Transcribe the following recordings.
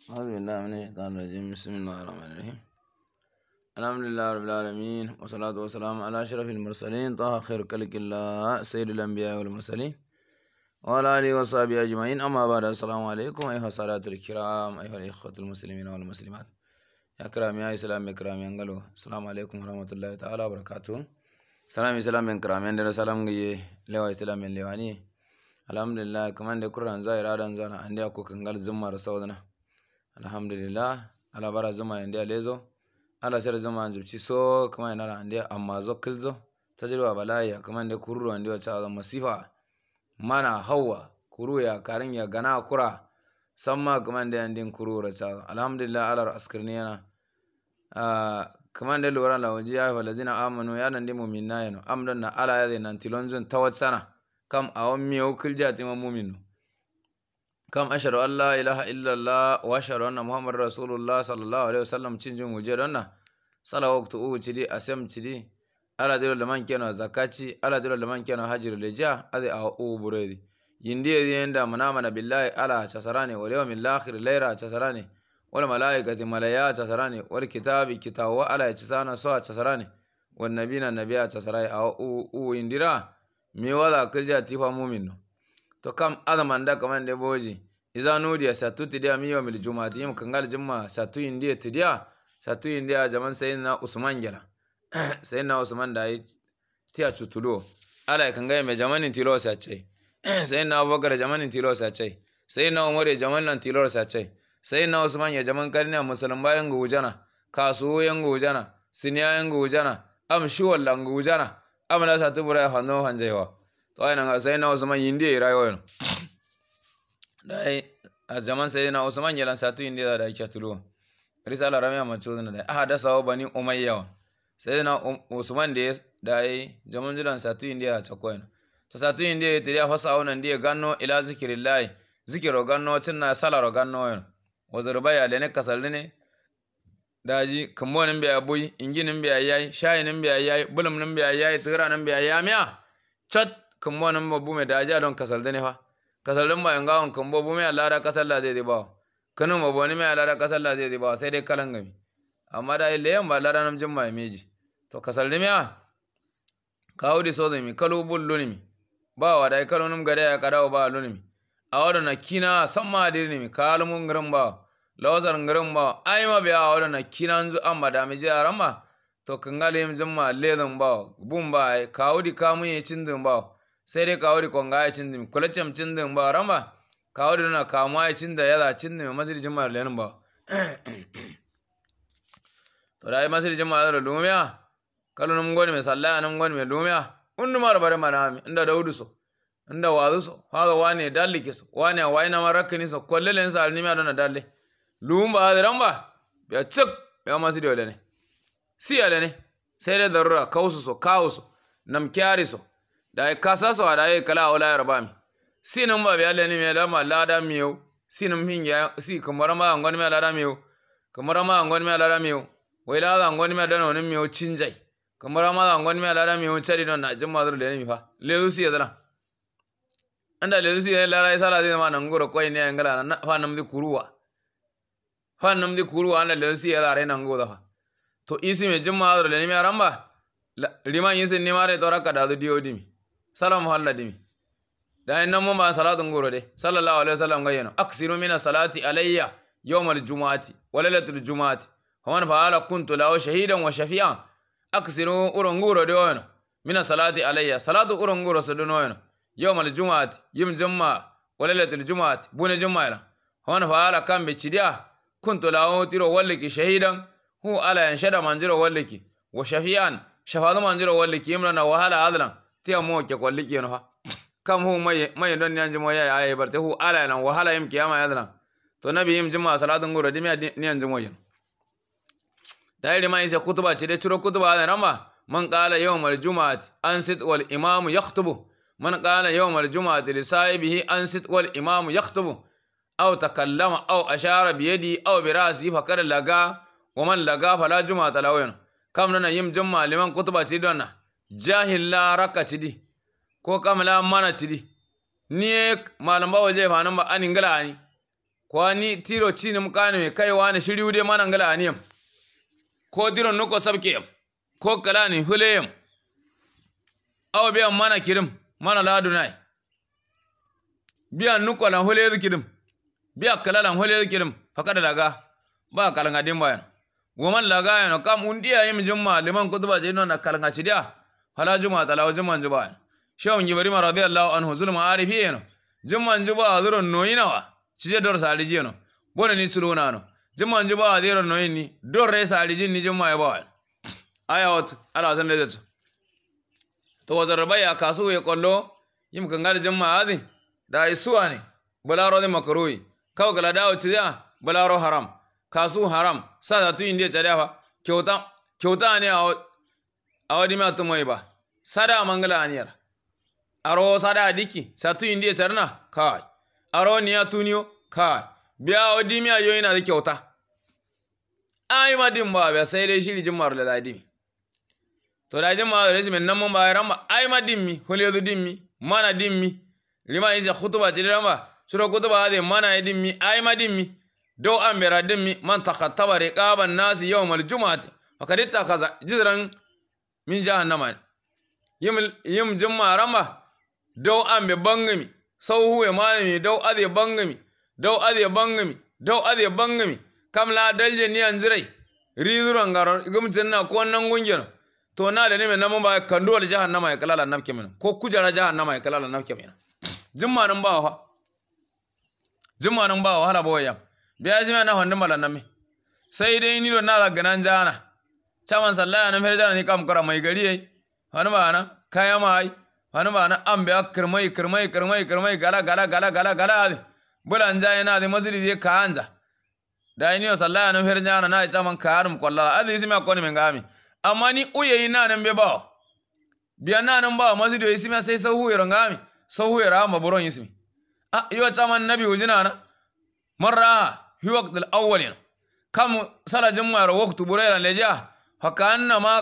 أعوذ بالله من الشيطان الرجيم بسم الله الرحمن الرحيم الحمد لله رب العالمين والصلاة والسلام على أشرف المرسلين طه خير كلك الله سيد الأنبياء والمرسلين وعلى آله وصحبه أجمعين أما بعد السلام عليكم أيها الصلاة الكرام أيها الإخوة المسلمين والمسلمات يا كرام يا إسلام يا كرام ينقلوا السلام عليكم ورحمة الله تعالى وبركاته سلام إسلام يا كرام يندر سلام جي لوا إسلام يلواني الحمد لله كمان دكتور أنزا إرادة أنزا عندي أكو كنقل زمار سودنا alhamdulillah ala bara zama yande lezo ala sere zama jibci so kama yana da ande amma zo kilzo ta tajriba balaya kama ande kururu ande a masifa mana hawa kuru ya karin ya gana kura samma kama ande ande kuru ta alhamdulillah ala askarni yana ah, kama ande lura la waje ya fa lazina amanu ya nan dimu minna yana amdan na ala ya zai nan ta tilonzun sana kam awon miyo kilja ma mu'minu kam ashhadu Allah, la ilaha illallah wa ashhadu anna muhammad rasulullah sallallahu alaihi wasallam cin jin wuje Salawa, sala waqtu u cidi asem cidi ala dilo laman keno zakaci ala dilo laman keno hajir leja adi a u buredi yindi yenda manamana billahi ala chasarani wal yawmil akhir laira chasarani wal malaikati malaya chasarani wal kitabi Wa ala chisana so chasarani wan nabina nabiya chasarai a u u indira mi wala kirja tifa mu'min no to kam kaman kamande boji iza nudiya satu tidiya mil juma jumati yim kangal jumma satu indiya tidiya satu indiya jaman sayyidina usman gela sayyidina usman da a cutulo ala kanga me jamanin tilo sace sayyidina abubakar jamanin tilo sace sayyidina umar ya jamanin tilo sace sayyidina usman ya jaman karniya musulman bayan gujana kasuwo yan gujana siniya yan gujana am shuwallan gujana am na satu bura hanu hanjewa kawai na usman yindi rayuwa yi a zaman na usman yalan satu yindi da ya ake tuluwa risala ramiya manchuzun da ya aha da sawo bani umayya na usman da yi zaman jilan satu yindi da chakoina ta satu yindi tiriya fasa wannan da gano ila layi zikiro gano cin na salaro ganno wazurbaya da ne kasalline daji kambonin biya bui inginin biya yayi shayinin biya yayi bulum nin biya yayi tigiranin biya yamiya chat kambo nan babu me da aji don kasal dane fa kasal don ba yanga on kambo mai Allah da kasal la zai ba kanu ma boni me Allah da kasal la zai ba sai dai kalan gami amma da ile yan ba Allah da nam jimma meji to kasal dane ya kawo di so da mi kalu bullu mi ba wa dai kalu gare ya karawo ba lunimi a wada na kina samma dir nimi kalumun garin ba lawazar garin ba ai ma biya a wada na kina nzu amma da mi jaran ba to kangalim le dan ba bun ba kawudi kamun ya cindin ba sai dai sere da konga ya cin cin cindim ba ramba da na kamuwa ya da yada cindim masiri jimma lenin ba to yi masiri jimma da lumiya kalu nam mai me sallaya nan gwani mai lumiya undu mar bare manami inda daudu so inda wazu so haga wane dalike so wane waina marakani so kolle len sal mai me dalle. dalle ba da ramba ya cik ya masiri wala ne siya ne sai dai darura kausu so kausu nam kyari so da kasa so da ye kala ola yarba mi sinum ba biya leni mi da ma lada mi yo sinum hinga si kamara ma ngon mi lada mi yo kamara ma ngon mi lada mi yo wai lada ngon mi da no ni mi yo cinjai kamara ma ngon mi lada mi yo cari don na jumma dur leni mi fa lezu si yadana anda lezu si lada sala de ma nan goro koi ne ngala na fa nam di kuruwa fa nam di kuruwa anda lezu si yadare na go da fa to isi me jumma dur leni mi aramba liman yin sin ni mare tora kada du diodi mi salamu halla dimi da nan mun ba salatun goro dai sallallahu alaihi wasallam ga yano aksiru min salati alayya yawmal jumu'ati wa lailatul jumu'ati hawan fa ala kuntu lahu shahidan wa shafi'an aksiru uron goro dai yano min salati alayya salatu uron goro saduno yano yawmal jumu'ati yim jumma wa lailatul jumu'ati bune jumma yana hawan fa ala kan be cidiya kuntu lahu tiro walliki shahidan hu ala yanshada manjiro walliki wa shafi'an shafa'u manjiro walliki imrana wa hala adlan Tiya mo ke kwalli ke no ha kam hu mai mai don nyanji mo ya ayi barte hu ala nan wa hala yim kiyama ya dana to nabi yim jima salatun gura dimi nyanji mo yin dai ma isa kutuba ce dai ciro kutuba da nan man qala yawmal jumu'ati ansit wal imamu yakhtubu man qala yawmal jumu'ati li sahibihi ansit wal imamu yakhtubu aw takallama aw ashara bi yadi aw bi ra'si fa kada laga wa man laga fala jumu'ata lawin kam nan yim jumma liman kutuba ce don jahilla raka cidi ko kamala mana cidi ni e malam bawo je ba anin ani ko ni tiro cini mukani me kai wani shiriu de mana gala ani ko diron nuko sabke ko kalani yam awa biyan mana kirim mana nai biyan nuko lan hule kirim biya kalalan hole kirim fakada laga ba kalanga dimbayan woman laga yana kam undiya yim jumma liman kutuba jino na kalanga cidia hala juma talawa jumman juba shawun gibari radiyallahu anhu zulma arifi yeno juma juba zuron wa? cije dor saliji yeno bona ni tsulona no juma juba zuron noyini dor re saliji ni juma ya bawa aya wat ala san da to to wazarbaya kasu ya kollo yim kangal jumma adi da isuwa ne balaro ne makaroyi kawo gala dawo ci da balaro haram kasu haram sa da tu indiya cari fa kyauta ne a wadi ma tumai ba sada mangala aniyar aro sada diki satu indiya sarna kai aro niya tuniyo kai biya o dimiya yo na da kyauta ai ma dim ba ba sai dai shiri maru da dimi to da maru da zai nan mun ba ran ba ai ma dimmi hole do dimmi mana dimmi lima isa khutuba ji ran ba sura khutuba da mana dimmi ai ma dimmi do an bera dimmi man takattaba riqaban nasi yawmal jumu'ati fakaditta kaza jizran min jahannama yim jimma rama dau ambe bangami sauhu huwe malami dau ade bangami dau ade bangami dau ade bangami kam la dalje ni anjirai riduran garo gum jinna ko nan gungeno to na da ne men mun ba kando al jahannama ya kalala nafke men ko kujara jahannama ya kalala nafke Jin jimma nan ba ha jimma nan ba wa hala boya biya jima na honde mala nami sai dai ni do na ga nan jana chaman sallaya nan fere jana ni kam kara mai gari yayi ba mana kaya mai hani mana ambe kirmai kirmai kirmai kirmai gala gala gala gala gala adi bulan ja yana di masiri ka hanza da ni sallah ya no jana na caman ka harin kwallo a zai adi isima min gami amma ni uye na nan be ba biya na nan bawa masiri o sima sai sau huyar ngami sau huero ma buron isimi a yo cha man nabi ujina na marra fi waqt al awwalina kam sala jumma ro waqtu burayra leja fakanna ma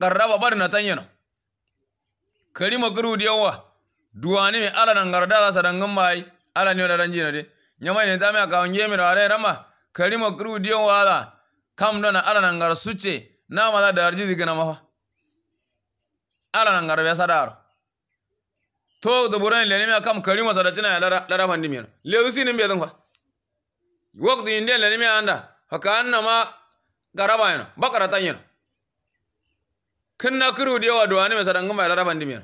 qarraba barna tanyana kari magru diyawa duwani mi ala nan garda ga sadangan mai ala ne da ranjina de nyama ne ta mi aka wange mi rai rama kari magru diyawa ala kam dona ala nan gar suce na ma da arji na ma ala nan gar ya sadar to da buran le ne mi kam kari ma sadar tina lara lara mi le usi ne be dun fa waqti inde le ne mi anda fa ka annama garaba yana bakara tanyana kenna kiru de wa duwani mesa dangum laraban dimiyar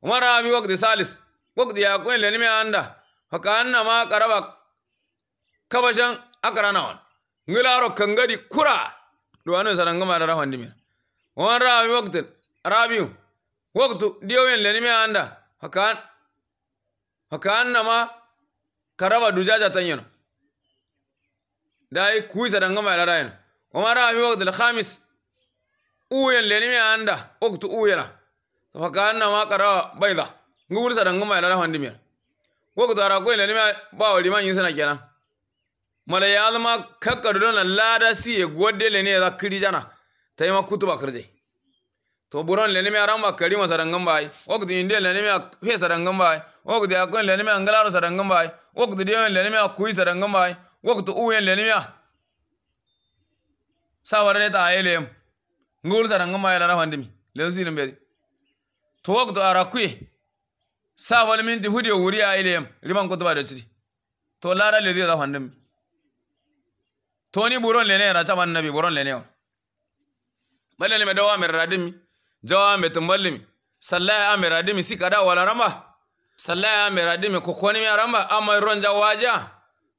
kuma rami wak waqti salis waqti ya kun lenime anda fakanna ma karaba kabashan akarana wan ngilaro kangadi kura duwani mesa dangum ba lara pandimir umara abi waqti rabiu waqtu diyowen lenime anda fakan fakanna ma karaba dujaja tanyano dai kuisa dangum ba laraban dimiyar kuma rami wak al khamis uyen leni mi anda oktu uyena fakana ma kara baida ngul sa dangu la handi mi tu ara ko leni mi ba wali man yin sana kenan mala ya zama kakkaru don lada si ya gode leni za kiri jana tai yi ma kutuba kirje to buron leni mi aran ba kari ma sarangan bai ok tu inde leni mi fe sarangan bai ok tu akon leni mi angala sarangan bai tu de leni mi akui sarangan bai tu uyan leni mi sawarne ta ayelem ngol sa ngama yala na fandimi le si ne beri to wak do ara kuye sa wal min di hudi wuri a ilem liman ko to ba da cidi to lara le da fandimi to ni buron le ne ra chaman nabi buron le ne on balale me dawa me radimi jawa me tumballimi sallaya me radimi sikada wala ramba sallaya mai radimi ko kokoni mai ramba amma ronja waja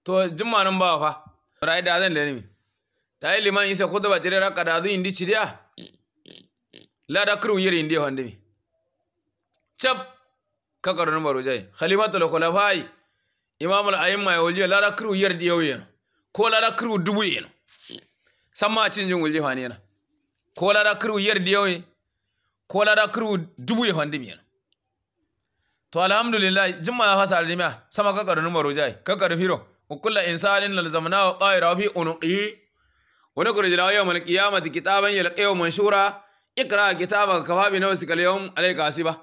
to jimma nan ba fa rai da zan leni da liman isa kudu ba tire raka da zu indi ciriya lada kru yiri indi hondimi chap kakaro numero jai khalifatu lo khulafai imam al aimma yolji lada kru yiri di yoyen ko lada kru dubu yen sama cin jin wulji fani ko lada kru yiri di yoyen ko lada kru dubu yen hondimi yana to alhamdulillah jimma ya fasa rimiya sama kakaro numero jai kakaro firo ukulla insanin lalzamna wa qaira fi unuqi wani kurjila yawmal qiyamati kitaban yalqiyahu manshura ikra kitaba kafa bi nafsi kal yawm alayka asiba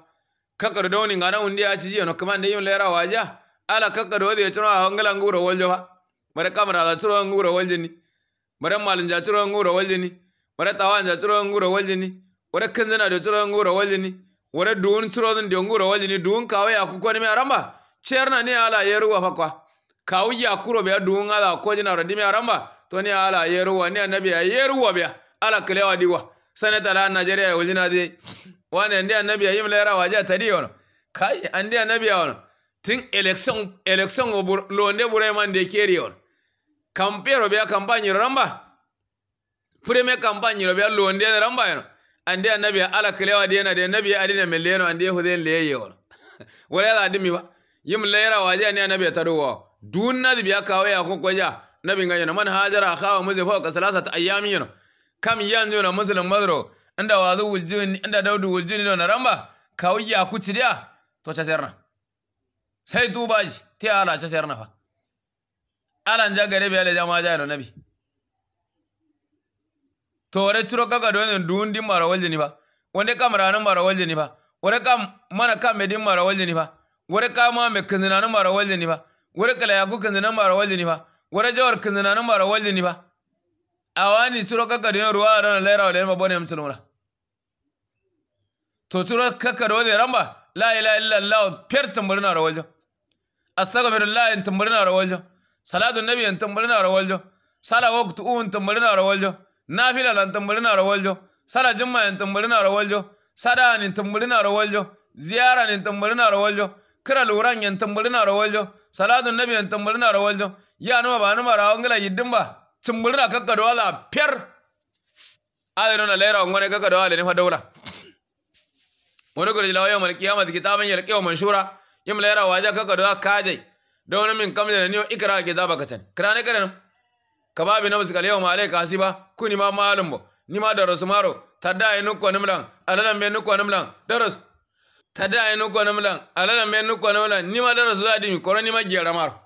kakar doni ngana undi achi ji no kamande yin lera waje ala kakar wadi a wangalan gura waljo ba mara kamara da churo nguro ni mara malin ja churo nguro ni mara tawan ja churo nguro waljeni wara kanzana da ni nguro duwun wara zan da dan de ni duwun kawai a akukwa ni me aramba na ni ala ruwa fakwa kawai ya kuro biya duwun ala ko jina mai aramba to ni ala ruwa ni annabi ruwa biya ala kalewa diwa sanatala nigeria ya wuli nadi wani ndi annabi ya yimla yara waje tadi wono kai andi annabi ya wono tin election election obur londe burai man de keri wono kampero be campagne ramba premier campagne ro be londe ramba yano andi annabi ya ala klewa de na de annabi ya adina meleno andi huden leye wono wala la dimi ba yimla yara waje ne annabi ya tado wa dun nadi biya kawo ya ko koja nabi nganya man hajara khawa muzefa ka salasata ayyami yano kam yanzu na muslim madro inda wazu wuljini inda daudu wuljini da ramba, kawo ku cidiya, to ta serna sai duba shi ta ala ta serna fa alan ja gare bele jama ja no nabi to re ciro kaga don dundi mara waljini fa wanda kam ranan mara waljini fa wanda kam mana kam medin mara waljini fa wanda kama me kanzinanan mara waljini fa wanda kala ya ku kanzinan mara waljini fa wanda jawar kanzinanan mara waljini fa awani ciro kaka yin ruwa adona laira wa ma bone mtino nuna to ciro kaka do de ramba la ilaha illa allah per tambarina ro waljo astaghfirullah en tambarina ro waljo salatu nabi en na ro waljo sala waqtu un tambarina ro waljo nafila lan tambarina ro waljo sala jumma en tambarina ro waljo sada en tambarina ro waljo ziyara en tambarina ro rawaljo. kira luran en tambarina ro waljo salatu nabi en tambarina ro waljo ya no ba no ma gila yiddin ba tumburina kakka da wala fiyar ala ah, nona laira wani kakka da wala ne fa daula wani gudu lawa yawon kiyama da kitabin yalƙe wa manshura yin laira waje kakka da kajai da wani min kamar da niyo ikira ke zaba ka can kira ne kare ka babi na musu kalewa malai kasi ba ku ni ma malum bo ni ma da rasu maro tadda ya nukwa nimlan alalan bai nukwa nimlan da rasu tadda ya nukwa nimlan alalan bai nukwa nimlan ni ma da rasu za a dimi koro ni ma gera maro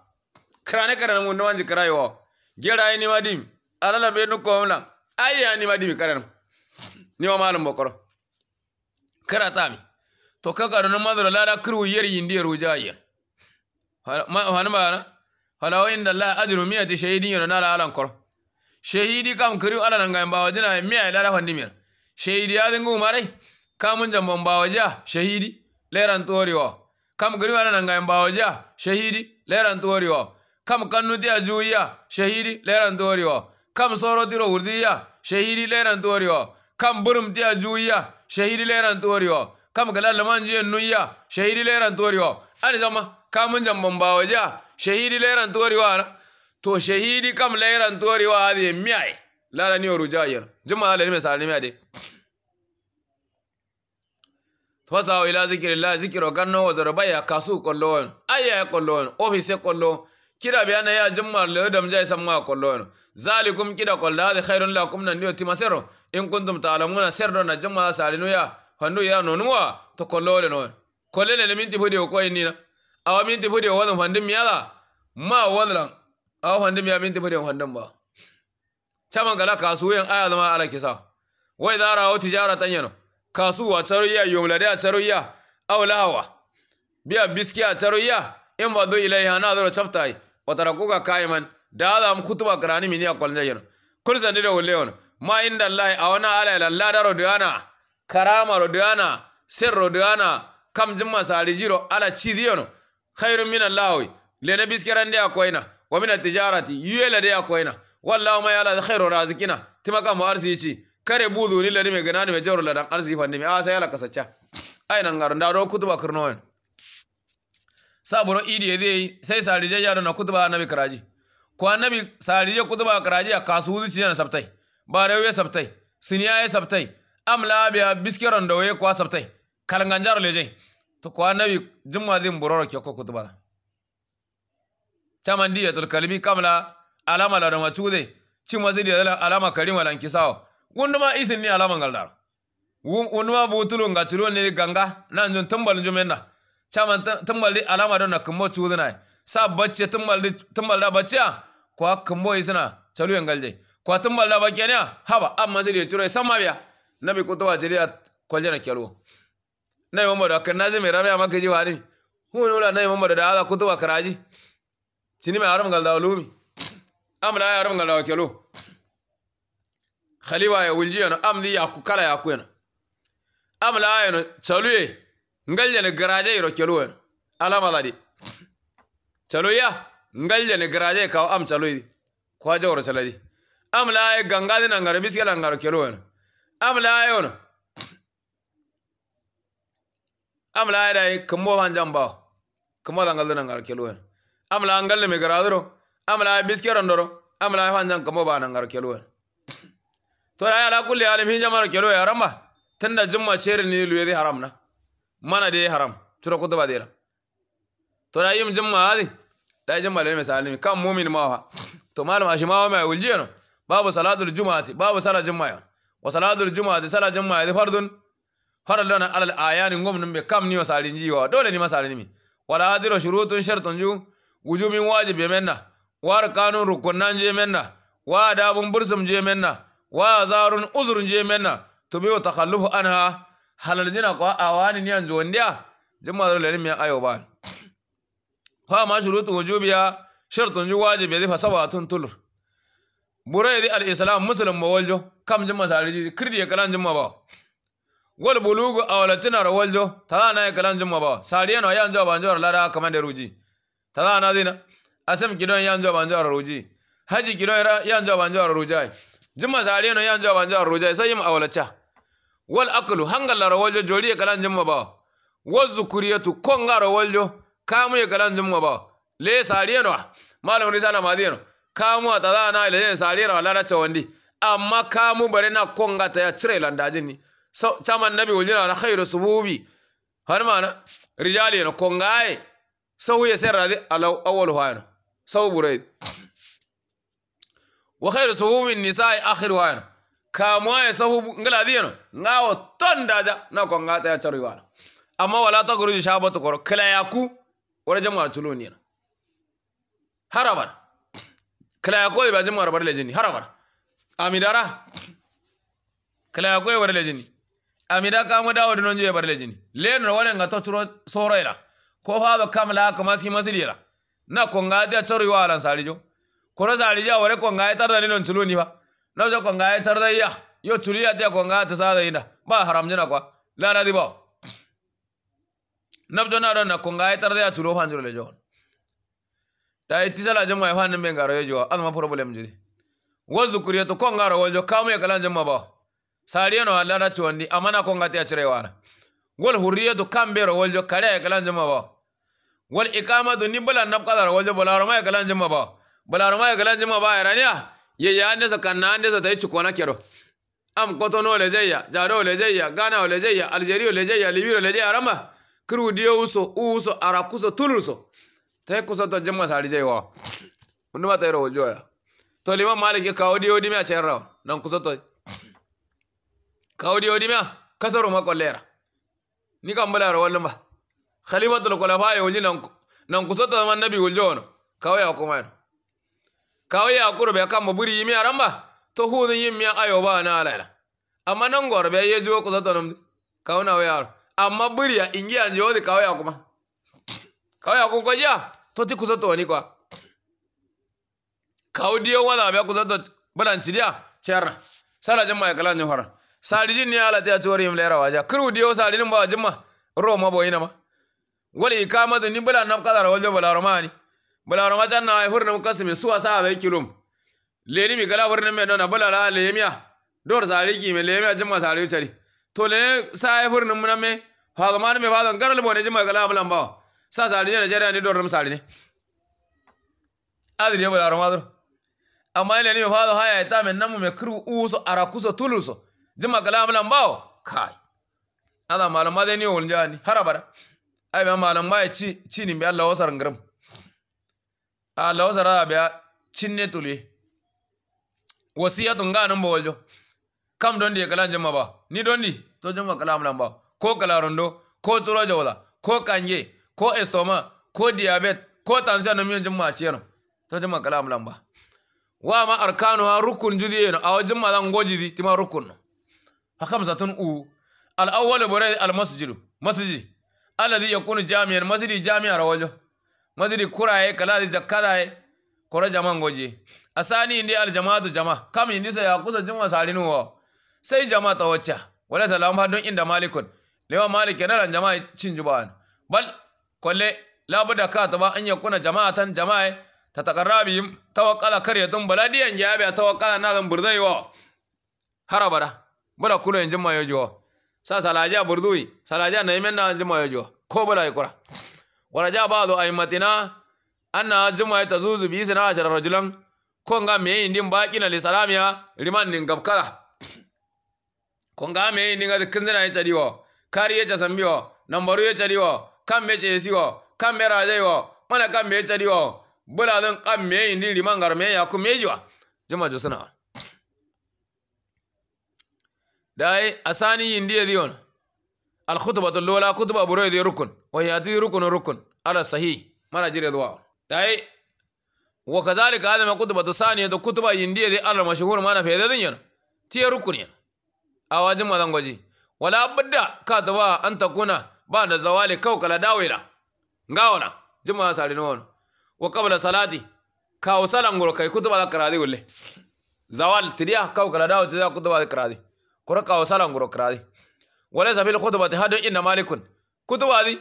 kira ne kare mun da wanji kira yawa gera ni ala alala be no kowna ya ni madim karan ni wa malum bokoro karata mi to ka kaka don madara da kirwu yeri indi yaro e ruja hanu ba na hala wa inda la ajru miyati shahidin yana na alan koro shahidi kam kiri ala nan gayan bawa jina e miya e lada fandi miyar shahidi ya zingu marai kamun ba bawa ja shahidi leran toriwa kam kiri ala nan gayan bawa ja shahidi leran toriwa kam kannu diya juwiya shahidi leran doriwa kam soro diro wurdiya shahidi leran doriwa kam burum diya juwiya shahidi leran doriwa kam gala laman juya nuya shahidi leran doriwa ani sama kamun jamban bawaja shahidi leran doriwa to shahidi kam leran doriwa hadi miyai lala ni oruja yer juma ala ni misali miyade fasawo ila zikiri la zikiro ganno wazaro baya kasu kollo ayya kollo ofise kollo kira biya na ya jumma da mu jai ma kollo no zalikum kida kollo da khairun lakum nan ni otimasero in kuntum ta'lamuna sirra na jumma salinu ya handu ya nonuwa to kollo le no le ne minti fudi ko ni na awa minti fudi wadan fandin miyala ma wadan awa fandin miya minti fudi fandin ba caman gala kasuwan aya zama ala kisa wai zara wa tijara tan yano kasuwa tsaro iya yomlade a tsaro iya aw lahawa biya biski a tsaro iya in ba na ilai hana do chaptai watara kuka kaiman da za mu kutuba karani mini akol jayen kul sandi do leon ma inda allah awana ala allah da diana karama ro sir sirro diana kam jimma jiro ala yana khairun min allah lene biskerande akoina wa min tijarati yuyela de akoina wallahu ma yala khairu razikina timaka mu arsici kare budu ni lani me ganani me jawro ladan arziki fandi me sai yala kasacha ai nan da ro kutuba kurnoen saburo idi yede sai sarije yaro na kutuba nabi karaji ko annabi sarije kutuba karaji a kasu zuci na sabtai barewe sabtai siniya ya sabtai amla biya biskiron da waye kwa sabtai kalanganjaro leje to ko annabi jumma din buroro ke ko kutuba taman diya tul kalbi kamla alama la dama chude ci mazidi alama karima lan kisawo wunduma isin ni alama ngaldaro wunduma butulu ngachulu ni ganga nan jun tumbal jumenna chaman tumbaldi alama dona kumbo chudna sa bacce tumbaldi tumbalda bacciya kwa kumbo isna chalu yangalje kwa tumbalda ya, haba amma zai chiro sama biya nabi kutuwa jiriya kwaljana kyalo nai mamma da kan nazi mai rabia maka ji wani hu ne wala nai mamma da ala kutuwa karaji chini mai haram galda ulumi amna ya haram galda kyalo khaliwa ya wulji yana amli ya ku kala ya ku yana amla ya no ngaljene garaje iro chalo ya caloya ne garaje ka am caloydi kwa jawro caladi am ganga de na ngaro miskela ngaro keluwer am laaye ono am laaye dai kambo han jambaw kambo da de na ngaro keluwer am la ngal me garadiro am laaye biskero ndoro am la han jam kambo ba na ngaro keluwer to da ala kulli alim hinjamaro keluwer aramba tanda jumma cherin ni luye haram na mana dai haram tura kuta ba da yaram to da yim jimma hadi da jimma da mai salimi kan mumin ma fa to malam ashi ma mai wulji no babu salatul jumu'ati babu sala jumma ya wa salatul jumu'ati sala jumma ya fardun farallon alal ayani gomnin be kam ni wasalin jiwa dole ni masalin mi wala hadira shurutun shartun ju wujumin wajib ya menna wa arkanun rukunan je menna wa adabun bursum je menna wa zarun uzrun je menna tubi wa takhallufu anha halal jina kwa awani ni anzo ndia jima da lalimi miyan ayo ba fa ma shurutu wujubiya shartun wajib ya da saba tun tulur burai da al-islam muslim mawaljo kam jima sariji kirdi ya kalan jima ba wal bulugu awalatina rawaljo ta na ya kalan jima ba Sari no ya ba anjo lada kamar da ruji ta na asim asam kidon yanjo ba anjo ruji haji kidon yanjo ba anjo rujai jima sariya no yanjo ba anjo ruji sai yim awalacha wal akulu, aklu hangallara woljo ya kalan jimma ba wo zukuriyatu kongaro kamu ya kalan jimma ba le sariyenoa malam risala madiyeno kamu atadana ile sariyena walara chawandi amma kamu barena konga ta ya cire landajini so chaman nabi wuljina na khairu sububi harmana rijali no kongaye sahuye serrade alaw awwalu hayno sawu burayd wa khairu sububi nisa nisaa'i akhiru hayno kamuwa ya sahu ngala nga wa ton daja na ko ta ya charu wana amma wala ta guruji batu koro ya ku wala jama'a tuloni na harabar kala yaku ba jama'a bar jini harabar amidara ya yaku bar jini amida ka mu dawo dinon je jini lejini leno wala ta turo soroira ko fa ba kamla ka maski masidira na ko ta ya charu wala sarijo koro sarijo wala ko ngata tar da dinon tuloni ba na jo konga ya tarda ya yo chuliya dia konga ta sa ina ba haram jina kwa la na dibo nab jo na na konga ya tarda ya chulo phan le jo da itisa la jama ah, ya phan men garo jo alma problem jidi wo zukuriya to konga ro jo kamu ya kalan ma ba sari no alla na chuandi amana konga ta chirewa wal hurriya to kambe ro jo kare ya kalan ma ba wal iqamatu ni bala nab kala ro jo bala ro ma ya kalan ma ba bala ro ma ya kalan jama ba iraniya ye ya ne sa na ne sa yi cikona kero am no le jeya jado le jeya gana le jeya algeria le jeya libiro le jeya ramba kru dio uso uso kuso tuluso tai kuso to jemma sari wa undu mata ro ya to lima malike kawdi odi me a cerra nan kuso to kawdi di me kasaro ma kolera ni kambala ro wallamba khalimatul qulafa yo nan nan kuso to man nabi wuljono kawaya kuma kawo ya kurbe kan maburi yimi ramba to hudun yin miya ayo ba na alaila amma nan gorbe ye jo ku zato nam kawo na waya amma buri ya ingi an jodi kawo ya kuma kawo ya kuma koja to ti kusa zato wani kwa kawo diyo wala be ku zato badan cidiya sara jimma ya kala kalan johar sari jin ni ala ta ciwar yin lera wajen. kuru diyo sari nin ba jimma ro ma na ma wali ikamatu ni bala nafkadar wajen bala romani bala rama majan na hurna na kasmi suwa sa da kilum leni mi gala hurna me dona bala la lemiya dor sari ki me lemiya jimma sari chari to le sa hur na mun me hagman me badan garal bone jimma gala bala ba sa sari ne jara ne dor sari ne adri bala rama madro amma leni me fado haya ta me namu me kru uso arakuso tuluso jimma gala bala ba kai ada malama dai ne wonjani harabara ai ma malama ya ci ci ni bi Allah wasar ngaram alaw sara be cinne tuli wasiyatun ganin ba bawaljo kam don ya kala jama ba ni don di to jama kala amlan ba ko kala rondo ko tsoro jawla ko kange, ko estoma ko diabet ko tansiya na miyan jama ciyano to jama kala amlan ba wa ma arkanu ha rukun judi yeno aw jama zan goji di tima rukun no fa khamsatun u al awwal bore al masjidu masjid alladhi yakunu jami'an masjidi jami'a rawajo masjidi kuraye da jakkadaye koro jaman a asani indi al jama'atu jama kam indi sa yakusa juma salinu wa sai jama ta wacce wala ta lamha don inda malikun lewa malik yana ran jama'a cin juban bal kolle labuda ka ta ba an yakuna jama'atan jama'a ta taqarrabi tawakkala karyatun baladiyan ta tawakkala na zan burdai wa harabara bala kuno en ya yojo sa salaja burdui salaja na yemen na ya yojo ko bala kura. Wani waraja ba'du aimatina anna juma'a tazuzu bi sana ashara rajulan konga me indin baqina na salamiya liman nin gabkala konga me indin ga kinzina ya chadiwa kari ya chasambiwa nambaru ya chadiwa kan me siwa, kan me rajaiwa mana kan me chadiwa bula zan kan me indin liman garme ya ku mejiwa juma'a jo sana dai asani indiye diyon الخطبة الأولى خطبة بريد ركن ويأتي ركن ركن على صحيح ما نجري دواء أي وكذلك هذا ما خطبة الثانية خطبة يندية دي على المشهور ما نفيد دنيا تي ركن يعني أواجم مدن وجي ولا بد كاتبا أن تكون بعد زوال كوكلا داويرا غاونا جمع سالينون وقبل صلاتي كاو سالانغور كاي خطبة كرادي ولا زوال تريا كوكلا داو تريا خطبة كرادي كورا كاو سالانغور كرادي wala zabil ba ta hadu ina malikun kutuba di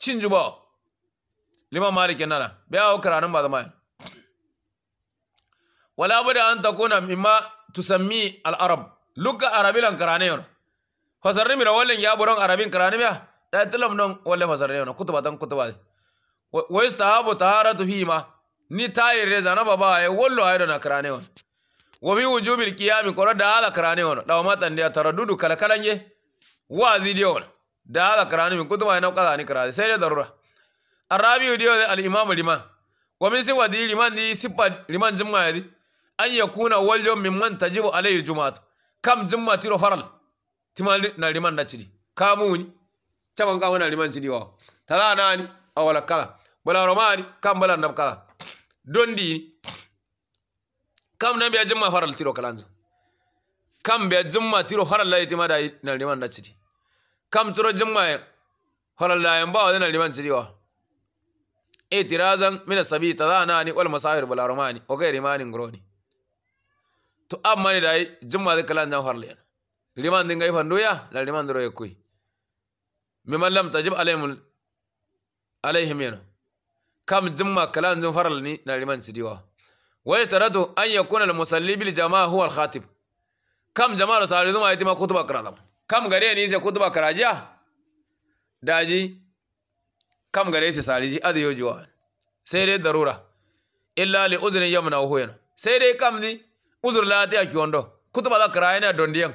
cin juba liman malikin nana bai awo karanin ba zama wala da an takuna mimma tusammi sami al'arab luka arabilan karanin yau fasarri mira wallan ya buron arabin karanin ya da tilam non walle fasarni yana kutuba tan kutuba ta istahabu taharatu fi ma ni tayi reza na baba ya wallo ayo na karanin yau wa fi wujubil kiyami qara da ala yau yana law matan da kalakalan kalkalanye wa'azi dai wani da haka karani min kutuma ya nauka ni karani sai dai darura arabiyu dai wani al'imamu liman wa min sifa di liman ni sifa liman jimma ya di an ya kuna waljo min man tajibu alayi jumatu kam jimma tiro faral tima na liman na cidi ni caman kamu na liman cidi wa tala a awala kala bala romani kam bala nam kala dondi ni kam na biya jimma faral tiro kalanzu kam biya jimma tiro faral la yitima da na liman na cidi kam churo jumma halal la yamba wadana liman chiriwa itirazan mina sabi tadanani wal masahir bala romani o gairi mani ngoroni to amma ni dai jumma da kalan jan harle liman din gai fanduya la liman dro yakui mimman lam tajib alaihim alaihim yana kam jumma kalan jan faral ni na liman chiriwa wa yashtaratu an yakuna al musalli bil jamaa huwa al khatib kam jamaa rasulullah ma yatima khutba qira'a kam gare ni se kutuba karaja daji kam gare se saliji yo jiwa sai dai darura illa li uzri yamna huyan sai dai kam ni uzur lati a kiondo kutuba da karaya na dondiyan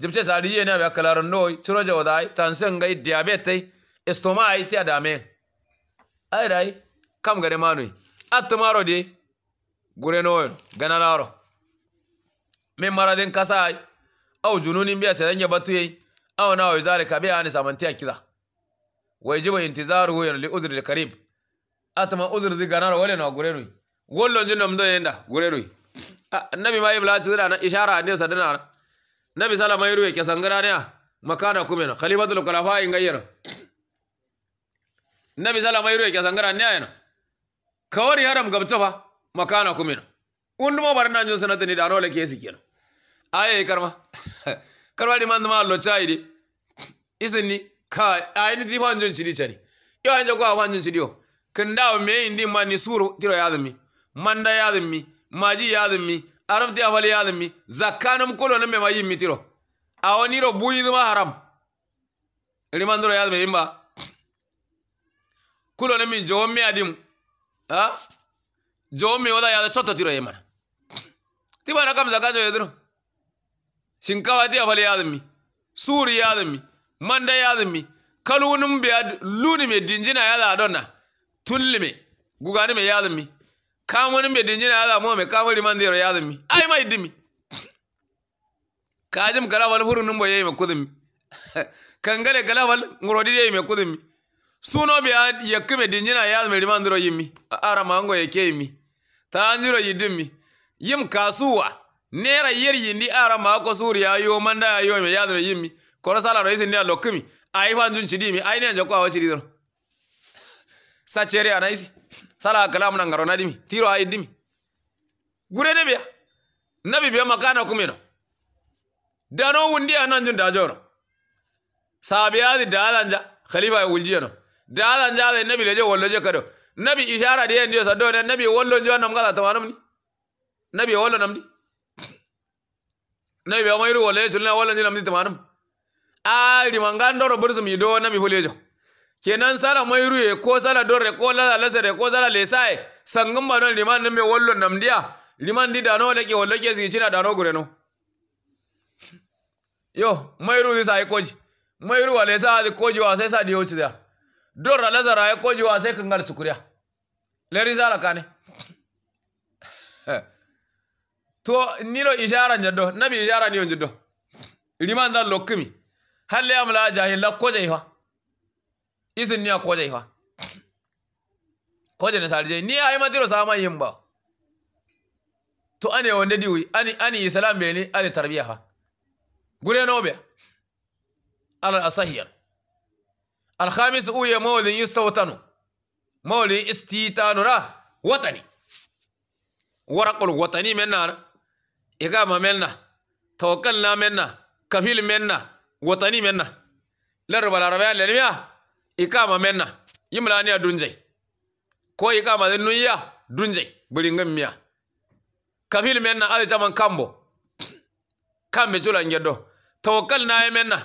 jibce saliji ne ba kalaron noi turo jawadai tansen gai diabetes ai ti adame ai dai kam gare manui attumaro de gure noyo ganalaro min maradin kasai Au jununin biya sai sadanya batuye aw na wa zalika biya ani samantiya kiza wa yajibu intizaru yan li uzri karib atama uzri di ganar wale na gurerui wollo jinno mdo yenda gurerui ah, nabi ma ibla tsira na ishara ne sadana na nabi salama yiru ke sangara ne makana kuma kumena khalifatul khulafa ingayyana nabi salama yiru ke sangara ne ayana kawari haram gabta fa makana kumena wunduma barna jin sanata ni da rola ke su kenan aye karma karma di man ma lo chai di ni, ka ayi di wanjun chidi chani yo anja ko wanjun chidi yo o. me indi man ni suru tiro yadmi manda yadmi maji yadmi arab di avali yadmi zakanam kolo ne me mayi mitiro buyi buidma haram limandro yadmi imba kulo ne min jowomme adim a jowomme wala yada cotto tiro yemana tibana kam zakajo yediro shinkawa tiya bal yadin mi suri yadin mi manda yadin mi kalunum be luni me dinjina yada donna tulli me gugani me yadin mi kamonin dinjina yada mo me kamori man dero mi ai mai dimi kajim kala huru furu numbo yayi me kudin mi kangale kala wal ngurodi yayi me kudin mi suno be yakkime dinjina liman me yi mi yimi ara mango yake yimi yi yidimi yim kasuwa nera yeri yindi ara ma ko suri ya yo manda yo me ya de yimi koro sala ro isindi alo kimi ai fa njun mi ai ne njakwa wachi ridro sa chere ana isi sala kalam na ngaro dimi tiro ai dimi gure ne biya nabi biya makana no dano wundi ana ndun da joro sabiya di dalanja khalifa wuljiyano dalanja le nabi leje wollo je kado nabi ishara de sa do ne nabi wollo njo namgala ni nabi wollo namdi na ibe ma iru wale julna wala ni namni tamanum a ri mangando ro burzum yido na mi hulejo kenan sala ma iru e ko sala re ko la la re ko sala le sai sangum ba non liman ne me wollo namdiya liman di dano lake wollo ke si china dano gure no yo iru ru sai koji iru wale sa di koji wa sai sa da do ra la sara koji wa sai kangar chukuriya leri sala kane to nilo ishara na nabi ishara ni on jiddo liman dal lokkimi halle am la jahilla koje ha isin ni koje ha koje ne salje ni ay madiro sama yimba to ane wonde diwi ani ani islam be ni ani tarbiya ha gure no be ala asahiya al khamis ya mawlin yustawtanu mawlin istitanu ra watani waraqul watani menna igama menna na menna kafil menna watani menna larba laraba lalmiya ma menna a dunjai ko ikama nunya dunjai bulingam miya kafil menna ala jaman kambo kambe jula ngeddo tawakkalna e menna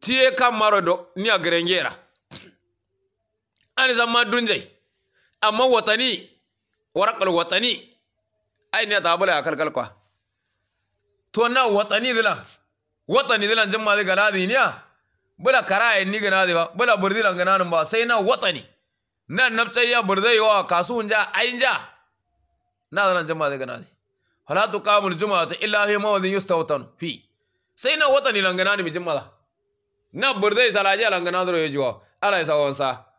tiye kam maro do niya gerengera ani ma dunjai amma watani warakal watani ai ne ta bula kalkal kwa to na watani dilan watani dilan jamma de gana di niya bula kara ni gana de ba bula burdi lan gana ba sai na watani na nabcai ya burdai wa kasu nja ainja na dan jamma de gana di hala tu kamul juma'atu illa fi mawadin yustawtanu fi sai na watani lan gana ni jumma na burdai salaji lan gana do yejo ala ya sawansa